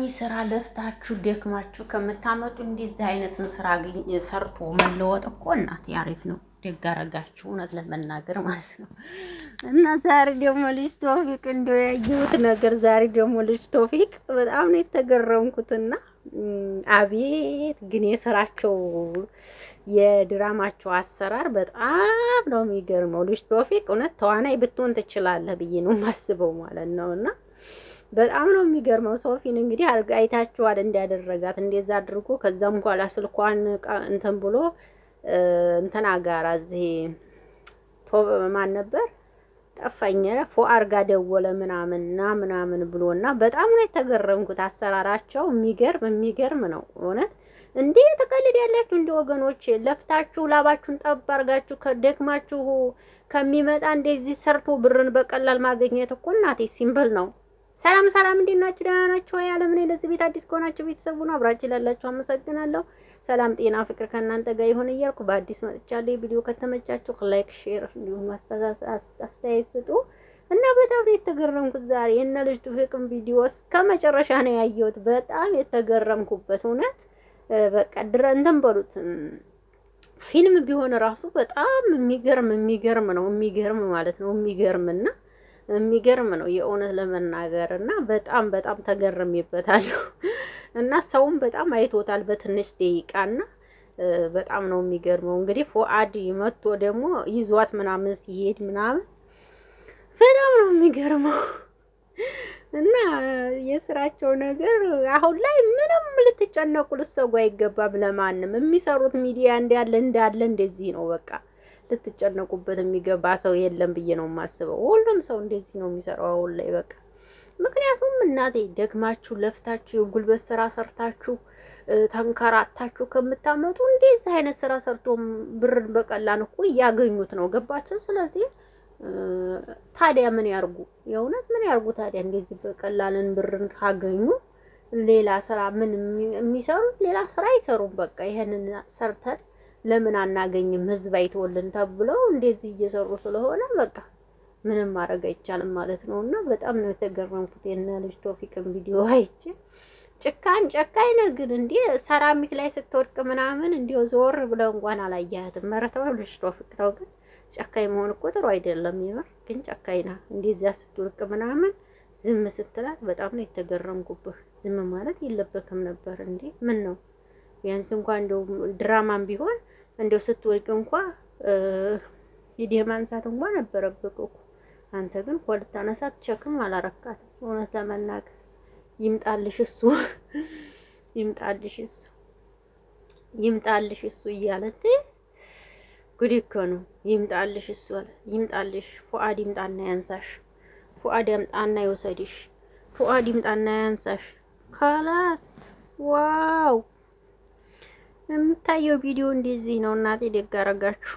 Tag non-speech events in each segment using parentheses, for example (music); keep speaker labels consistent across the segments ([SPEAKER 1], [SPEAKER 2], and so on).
[SPEAKER 1] ቋሚ ስራ ለፍታችሁ ደክማችሁ ከምታመጡ እንደዚህ አይነትን ስራ ሰርቶ መለወጥ እኮ እናት አሪፍ ነው። ደግ እውነት ለመናገር ማለት ነው። እና ዛሬ ደግሞ ልጅ ቶፊቅ እንደው ያየሁት ነገር ዛሬ ደግሞ ልጅ ቶፊቅ በጣም ነው የተገረምኩትና አቤት ግን የስራቸው የድራማቸው አሰራር በጣም ነው የሚገርመው። ልጅ ቶፊቅ እውነት ተዋናይ ብትሆን ትችላለህ ብዬ ነው የማስበው ማለት ነው እና በጣም ነው የሚገርመው። ሶፊን እንግዲህ አይታችኋል እንዲያደረጋት እንደዛ አድርጎ ከዛም በኋላ ስልኳን እንትን ብሎ እንትና ጋር እዚህ ቶብ ማን ነበር ጠፋኝ ፎአር ጋር ደወለ ምናምን እና ምናምን ብሎና በጣም ነው የተገረምኩት። አሰራራቸው የሚገርም የሚገርም ነው እውነት። እንዴ ተቀልድ ያላችሁ እንደ ወገኖች ለፍታችሁ ላባችሁን ጠብ አርጋችሁ ከደክማችሁ ከሚመጣ እንደዚህ ሰርቶ ብርን በቀላል ማግኘት እኮ እናቴ ሲምብል ነው። ሰላም ሰላም፣ እንዴት ናችሁ? ደህና ናችሁ ወይ? ዓለም ላይ ለዚህ ቤት አዲስ ከሆናችሁ ቤተሰቡ ነው አብራችሁ ላላችሁ አመሰግናለሁ። ሰላም ጤና፣ ፍቅር ከእናንተ ጋር ይሁን እያልኩ በአዲስ መጥቻለሁ። ቪዲዮ ከተመቻችሁ ላይክ፣ ሼር እንዲሁም አስተያየት ስጡ እና በጣም ነው የተገረምኩት ዛሬ የእነ ልጅ ቱፊቅን ቪዲዮ እስከ መጨረሻ ነው ያየሁት። በጣም የተገረምኩበት እውነት በቃ ድረ እንትን በሉት ፊልም ቢሆን ራሱ በጣም የሚገርም የሚገርም ነው የሚገርም ማለት ነው የሚገርምና የሚገርም ነው የእውነት ለመናገር እና በጣም በጣም ተገርሜበታለሁ። (laughs) እና ሰውም በጣም አይቶታል በትንሽ ደቂቃ እና በጣም ነው የሚገርመው። እንግዲህ ፎአድ መጥቶ ደግሞ ይዟት ምናምን ሲሄድ ምናምን በጣም ነው የሚገርመው። (laughs) እና የስራቸው ነገር አሁን ላይ ምንም ልትጨነቁ ልትሰጉ አይገባም። ለማንም የሚሰሩት ሚዲያ እንዳለ እንዳለ እንደዚህ ነው በቃ ልትጨነቁበት የሚገባ ሰው የለም ብዬ ነው የማስበው። ሁሉም ሰው እንደዚህ ነው የሚሰራው አሁን ላይ በቃ። ምክንያቱም እናቴ ደግማችሁ ለፍታችሁ የጉልበት ስራ ሰርታችሁ ተንከራታችሁ ከምታመጡ እንደዚህ አይነት ስራ ሰርቶ ብርን በቀላል እኮ እያገኙት ነው። ገባቸው። ስለዚህ ታዲያ ምን ያርጉ? የእውነት ምን ያርጉ ታዲያ? እንደዚህ በቀላልን ብርን ካገኙ ሌላ ስራ ምን የሚሰሩት? ሌላ ስራ አይሰሩም። በቃ ይህንን ሰርተን ለምን አናገኝም ህዝብ አይተወልን ተብለው እንደዚህ እየሰሩ ስለሆነ በቃ ምንም ማድረግ አይቻልም ማለት ነው። እና በጣም ነው የተገረምኩት የነ ልጅ ቶፊቅን ቪዲዮ አይቼ። ጭካን ጨካኝ ነው ግን እንዴ ሰራሚክ ላይ ስትወድቅ ምናምን እንዲው ዞር ብለው እንኳን አላያትም። መረተው ልጅ ቶፊቅ ነው ግን ጨካኝ መሆን እኮ ጥሩ አይደለም። ይመር ግን ጨካኝ ና እንደዚያ ስትወድቅ ምናምን ዝም ስትላት በጣም ነው የተገረምኩብህ። ዝም ማለት የለበትም ነበር እንዴ ምን ነው ቢያንስ እንኳን እንደው ድራማም ቢሆን እንደው ስትወጪ እንኳ ቪዲዮ ማንሳት እንኳ ነበረብህ እኮ። አንተ ግን ኮልታነሳት ቸክም አላረካት። እውነት ለመናገር ይምጣልሽ እሱ ይምጣልሽ እሱ ይምጣልሽ እሱ እያለች ጉድ እኮ ነው። ይምጣልሽ እሱ አለ ይምጣልሽ። ፉአድ ይምጣና ያንሳሽ። ፉአድ ያምጣና ይወሰድሽ። ፉአድ ይምጣና ያንሳሽ። ካላስ ዋው የምታየው ቪዲዮ እንደዚህ ነው። እናቴ ደግ አረጋችሁ፣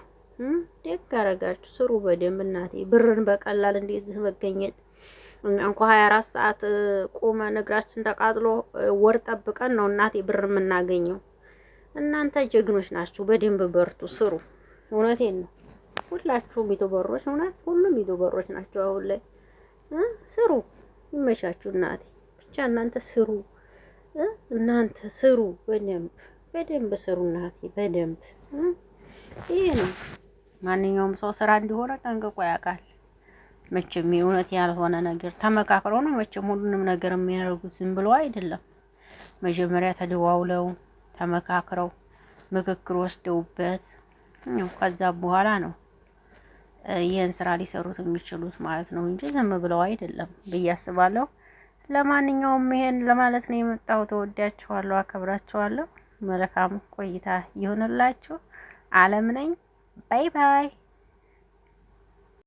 [SPEAKER 1] ደግ አረጋችሁ። ስሩ በደንብ እናቴ። ብርን በቀላል እንደዚህ መገኘት እንኳ 24 ሰዓት ቆመን እግራችን ተቃጥሎ ወር ጠብቀን ነው እናቴ ብር የምናገኘው። እናንተ ጀግኖች ናችሁ። በደንብ በርቱ፣ ስሩ። እውነቴን ነው። ሁላችሁም ዩቱበሮች እውነት፣ ሁሉም ዩቱበሮች ናቸው አሁን ላይ። ስሩ፣ ይመቻችሁ እናቴ። ብቻ እናንተ ስሩ፣ እናንተ ስሩ በደንብ በደንብ ስሩ እናቴ፣ በደንብ ይህ ነው። ማንኛውም ሰው ስራ እንዲሆነ ጠንቅቆ ያውቃል። መቼም እውነት ያልሆነ ነገር ተመካክረው ነው መቼም ሁሉንም ነገር የሚያደርጉት ዝም ብሎ አይደለም። መጀመሪያ ተደዋውለው ተመካክረው ምክክር ወስደውበት ከዛ በኋላ ነው ይህን ስራ ሊሰሩት የሚችሉት ማለት ነው እንጂ ዝም ብለው አይደለም ብዬ አስባለሁ። ለማንኛውም ይሄን ለማለት ነው የመጣሁት። እወዳችኋለሁ፣ አከብራችኋለሁ። መልካም ቆይታ ይሁንላችሁ። አለም ነኝ። ባይ ባይ።